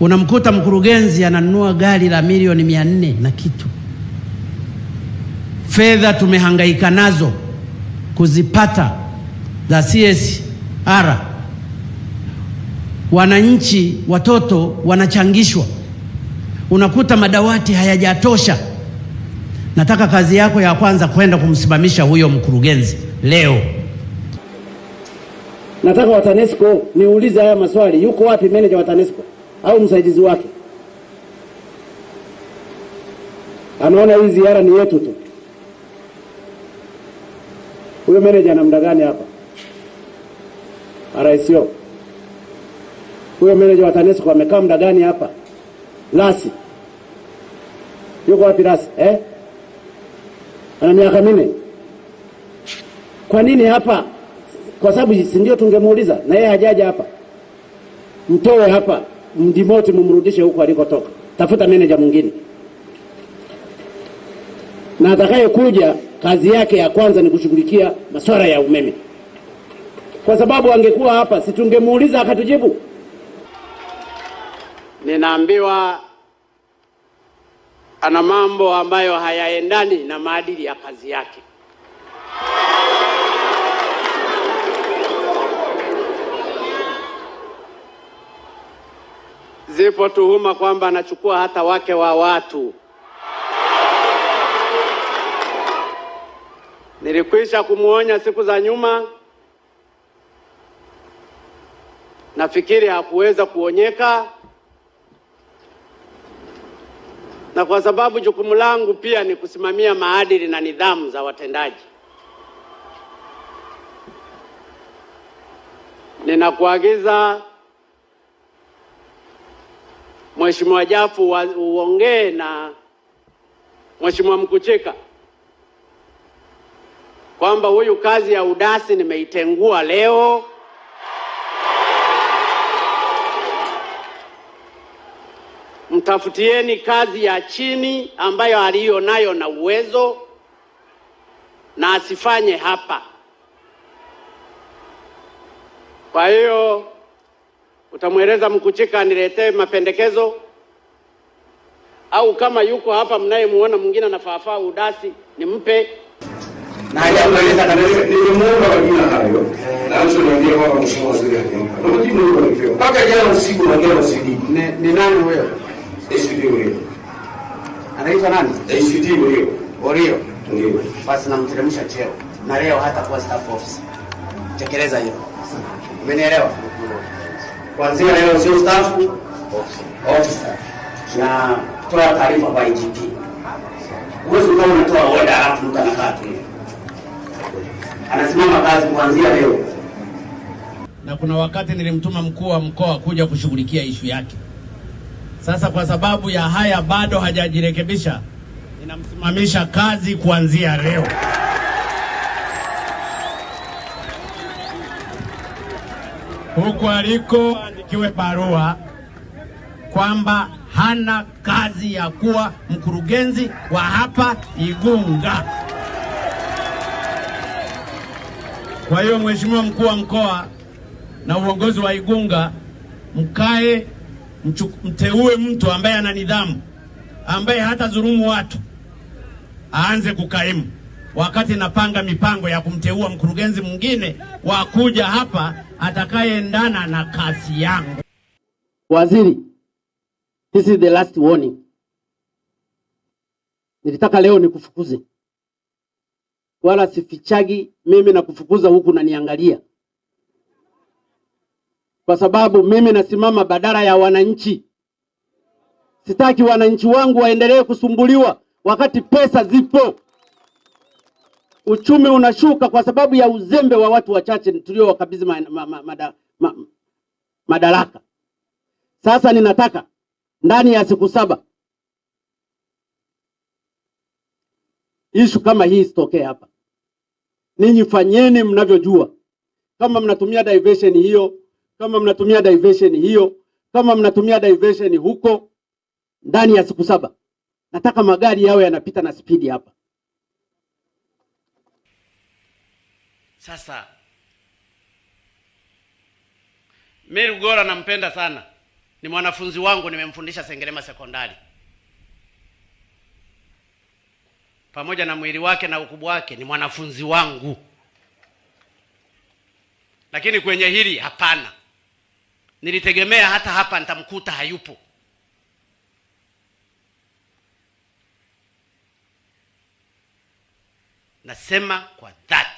Unamkuta mkurugenzi ananunua gari la milioni mia nne na kitu. Fedha tumehangaika nazo kuzipata za CSR, wananchi watoto wanachangishwa, unakuta madawati hayajatosha. Nataka kazi yako ya kwanza kwenda kumsimamisha huyo mkurugenzi leo. Nataka Watanesco niulize haya maswali, yuko wapi meneja wa Tanesco? au msaidizi wake anaona hii ziara ni yetu tu. Huyo meneja ana muda gani hapa? araisio huyo meneja wa TANESCO amekaa muda gani hapa? Lasi yuko wapi Lasi eh? ana miaka minne. Kwa nini hapa? Kwa sababu si ndio tungemuuliza, na yeye hajaja hapa, mtoe hapa mdimoti, mumrudishe huko alikotoka, tafuta meneja mwingine, na atakayekuja kazi yake ya kwanza ni kushughulikia masuala ya umeme, kwa sababu angekuwa hapa situngemuuliza akatujibu. Ninaambiwa ana mambo ambayo hayaendani na maadili ya kazi yake. zipo tuhuma kwamba anachukua hata wake wa watu. Nilikwisha kumwonya siku za nyuma, nafikiri hakuweza kuonyeka, na kwa sababu jukumu langu pia ni kusimamia maadili na nidhamu za watendaji, ninakuagiza Mheshimiwa Jafu uongee na Mheshimiwa Mkucheka kwamba huyu kazi ya udasi nimeitengua leo, mtafutieni kazi ya chini ambayo aliyo nayo na uwezo na asifanye hapa. Kwa hiyo utamweleza Mkuchika aniletee mapendekezo, au kama yuko hapa mnayemuona mwingine anafaafaa udasi nimpe na hajamaliza kabisa. Nilimuomba majina hayo na mtu mwingine kwamba mheshimiwa waziri akimpa, na majibu nilikuwa nikipewa mpaka jana usiku naongea na CD. Ni nani huyo? ACD Urio, anaitwa nani? ACD Orio. Orio. ndio basi, namteremsha cheo na leo hata kuwa staff officer. Tekeleza hiyo. umenielewa? kuanzia leo sio staff na toa taarifa kwa IGP. Uwezo kama unatoa oda alafu mtu anakaa tu anasimama kazi kuanzia leo. Na kuna wakati nilimtuma mkuu wa mkoa kuja kushughulikia ishu yake. Sasa kwa sababu ya haya bado hajajirekebisha, ninamsimamisha kazi kuanzia leo. huku andikiwe barua kwamba hana kazi ya kuwa mkurugenzi wa hapa Igunga. Kwa hiyo, Mheshimiwa mkuu wa mkoa na uongozi wa Igunga, mkae mteue mtu ambaye ana nidhamu, ambaye hata dhulumu watu, aanze kukaimu wakati napanga mipango ya kumteua mkurugenzi mwingine wa kuja hapa atakayeendana na kasi yangu. Waziri, this is the last warning. Nilitaka leo nikufukuze, wala sifichagi mimi na kufukuza huku naniangalia, kwa sababu mimi nasimama badala ya wananchi. Sitaki wananchi wangu waendelee kusumbuliwa wakati pesa zipo uchumi unashuka kwa sababu ya uzembe wa watu wachache tuliowakabidhi ma, ma, ma, ma, madaraka. Sasa ninataka ndani ya siku saba ishu kama hii isitokee hapa. Ninyi fanyeni mnavyojua, kama mnatumia diversion hiyo, kama mnatumia diversion hiyo, kama mnatumia diversion huko, ndani ya siku saba nataka magari yawe yanapita na spidi hapa. Sasa Mary Gola nampenda sana, ni mwanafunzi wangu, nimemfundisha Sengerema Sekondari. Pamoja na mwili wake na ukubwa wake, ni mwanafunzi wangu, lakini kwenye hili hapana. Nilitegemea hata hapa nitamkuta, hayupo. Nasema kwa dhati.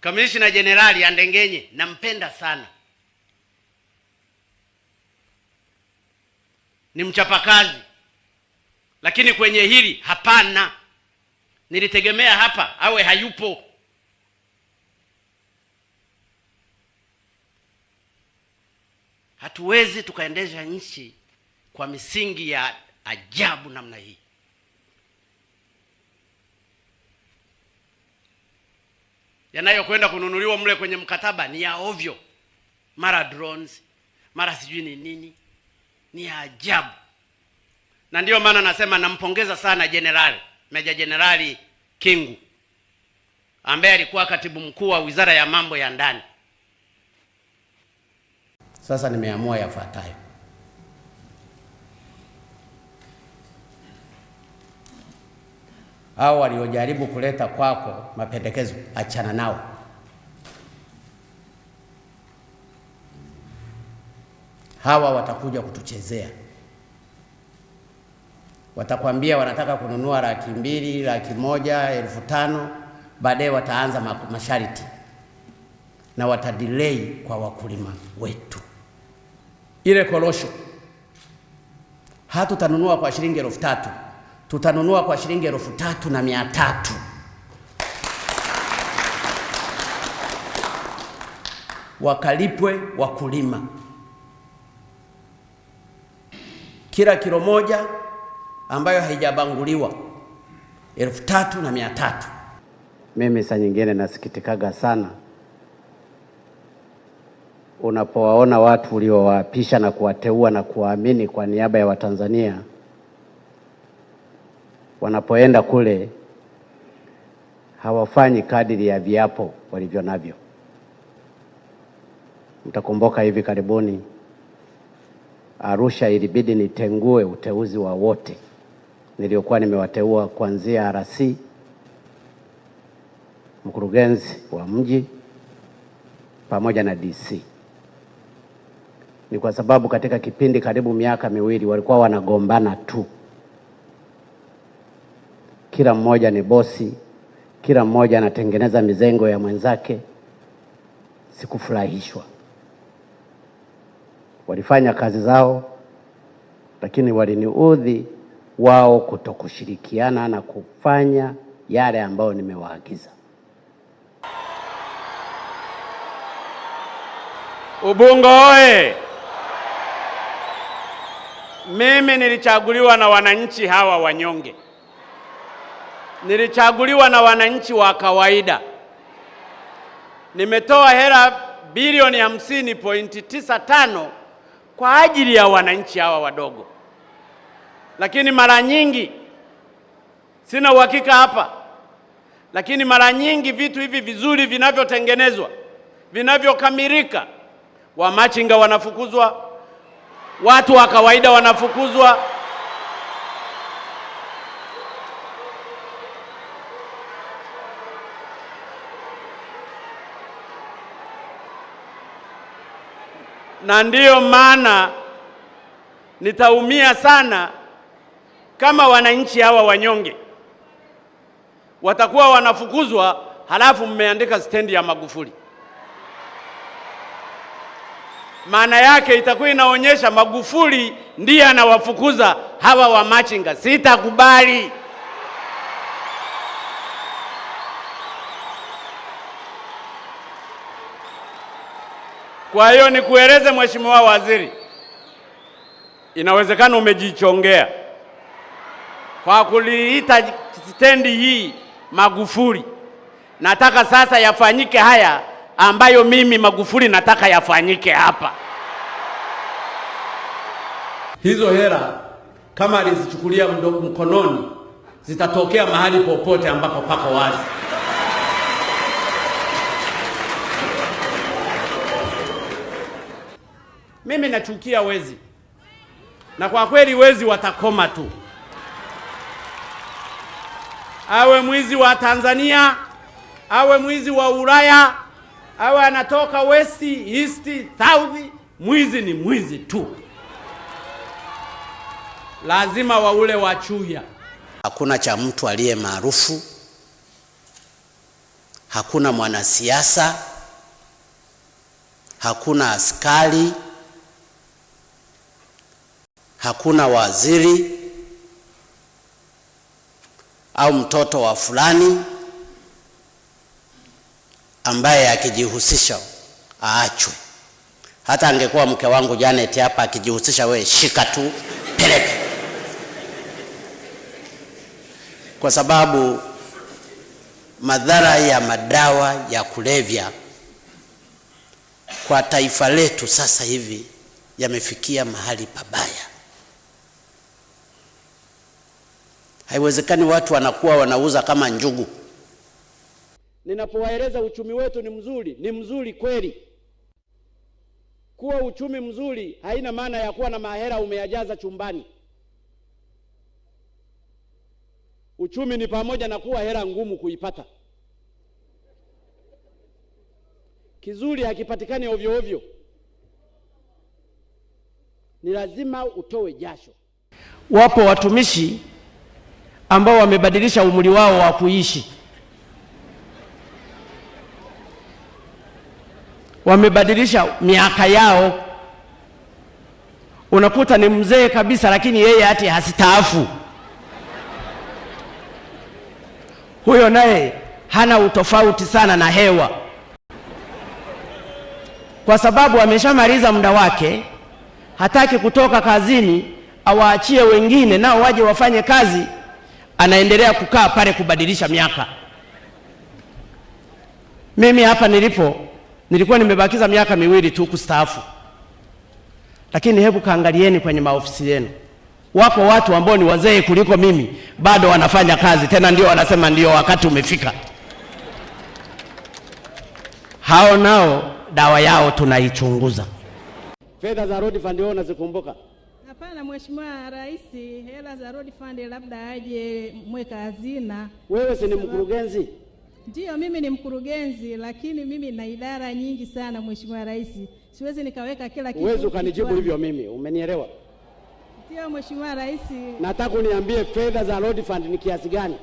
Kamishna Jenerali Andengenye nampenda sana, ni mchapakazi, lakini kwenye hili hapana. Nilitegemea hapa awe hayupo. Hatuwezi tukaendesha nchi kwa misingi ya ajabu namna hii. yanayokwenda kununuliwa mle kwenye mkataba ni ya ovyo, mara drones, mara sijui ni nini, ni ya ajabu. Na ndiyo maana nasema nampongeza sana jenerali, meja jenerali Kingu ambaye alikuwa katibu mkuu wa wizara ya mambo ya ndani. Sasa nimeamua yafuatayo. au waliojaribu kuleta kwako mapendekezo, achana nao. Hawa watakuja kutuchezea, watakwambia wanataka kununua laki mbili, laki moja, elfu tano. Baadaye wataanza masharti na watadilei kwa wakulima wetu. Ile korosho hatutanunua kwa shilingi elfu tatu tutanunua kwa shilingi elfu tatu na mia tatu. Wakalipwe wakulima kila kilo moja ambayo haijabanguliwa elfu tatu na mia tatu. Mimi saa nyingine nasikitikaga sana unapowaona watu uliowaapisha na kuwateua na kuwaamini kwa niaba ya Watanzania wanapoenda kule hawafanyi kadiri ya viapo walivyo navyo. Mtakumbuka hivi karibuni Arusha ilibidi nitengue uteuzi wa wote niliokuwa nimewateua kuanzia RC, mkurugenzi wa mji pamoja na DC. Ni kwa sababu katika kipindi karibu miaka miwili walikuwa wanagombana tu kila mmoja ni bosi, kila mmoja anatengeneza mizengo ya mwenzake. Sikufurahishwa. Walifanya kazi zao, lakini waliniudhi wao kutokushirikiana na kufanya yale ambayo nimewaagiza. Ubungo oye! Mimi nilichaguliwa na wananchi hawa wanyonge nilichaguliwa na wananchi wa kawaida. Nimetoa hela bilioni hamsini pointi tisa tano kwa ajili ya wananchi hawa wadogo, lakini mara nyingi, sina uhakika hapa, lakini mara nyingi vitu hivi vizuri vinavyotengenezwa vinavyokamilika, wamachinga wanafukuzwa, watu wa kawaida wanafukuzwa, na ndiyo maana nitaumia sana kama wananchi hawa wanyonge watakuwa wanafukuzwa, halafu mmeandika stendi ya Magufuli. Maana yake itakuwa inaonyesha Magufuli ndiye anawafukuza hawa wamachinga. Sitakubali. Kwa hiyo nikueleze Mheshimiwa Waziri, inawezekana umejichongea kwa kuliita stendi hii Magufuli. Nataka sasa yafanyike haya ambayo mimi Magufuli nataka yafanyike hapa. Hizo hela kama alizichukulia mkononi zitatokea mahali popote ambapo pako wazi. Mimi nachukia wezi, na kwa kweli wezi watakoma tu, awe mwizi wa Tanzania, awe mwizi wa Ulaya, awe anatoka west, east, south, mwizi ni mwizi tu, lazima waule wachuya. Hakuna cha mtu aliye maarufu, hakuna mwanasiasa, hakuna askari hakuna waziri au mtoto wa fulani ambaye akijihusisha aachwe. Hata angekuwa mke wangu Janet hapa akijihusisha, we shika tu peleka, kwa sababu madhara ya madawa ya kulevya kwa taifa letu sasa hivi yamefikia mahali pabaya. Haiwezekani watu wanakuwa wanauza kama njugu. Ninapowaeleza uchumi wetu ni mzuri, ni mzuri kweli. Kuwa uchumi mzuri haina maana ya kuwa na mahera umeyajaza chumbani. Uchumi ni pamoja na kuwa hela ngumu kuipata. Kizuri hakipatikani ovyo ovyo, ni lazima utowe jasho. Wapo watumishi ambao wamebadilisha umri wao wa kuishi, wamebadilisha miaka yao. Unakuta ni mzee kabisa, lakini yeye hati hasitaafu Huyo naye hana utofauti sana na hewa, kwa sababu ameshamaliza muda wake, hataki kutoka kazini, awaachie wengine nao waje wafanye kazi anaendelea kukaa pale kubadilisha miaka. Mimi hapa nilipo nilikuwa nimebakiza miaka miwili tu kustaafu, lakini hebu kaangalieni kwenye maofisi yenu, wako watu ambao ni wazee kuliko mimi, bado wanafanya kazi, tena ndio wanasema ndio wakati umefika. Hao nao dawa yao tunaichunguza. Fedha za road fund wao nazikumbuka Hapana Mheshimiwa Rais, hela za road fund labda aje mweka hazina. Wewe si ni mkurugenzi? Ndiyo, mimi ni mkurugenzi, lakini mimi na idara nyingi sana Mheshimiwa Rais, siwezi nikaweka kila kitu. Uwezi ukanijibu hivyo mimi, umenielewa? Ndio, Mheshimiwa Rais. Nataka uniambie fedha za road fund ni kiasi gani?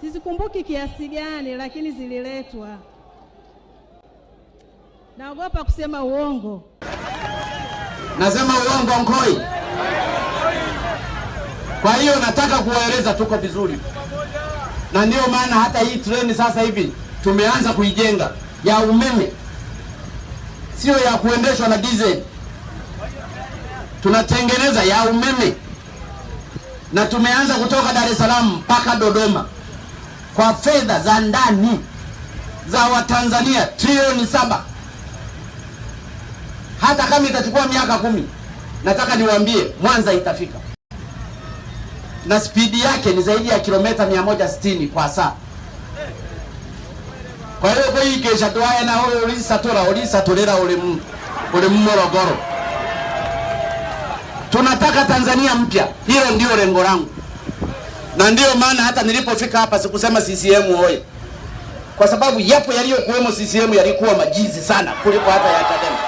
Sizikumbuki kiasi gani, lakini zililetwa. Naogopa kusema uongo. Nasema uongo Nkoi? Kwa hiyo nataka kuwaeleza tuko vizuri, na ndiyo maana hata hii treni sasa hivi tumeanza kuijenga ya umeme, sio ya kuendeshwa na diesel. Tunatengeneza ya umeme na tumeanza kutoka Dar es Salaam mpaka Dodoma kwa fedha za ndani za Watanzania trilioni saba hata kama itachukua miaka kumi. Nataka niwaambie Mwanza itafika, na spidi yake ni zaidi ya kilomita 160 kwa saa. Kwa hiyo kuikesha twaye na ule ulisatura ulisaturira ulimu ulimu Morogoro. Tunataka Tanzania mpya, hilo ndio lengo langu, na ndiyo maana hata nilipofika hapa sikusema CCM hoye, kwa sababu yapo yaliyokuwemo CCM yalikuwa majizi sana kuliko hata ya Chadema.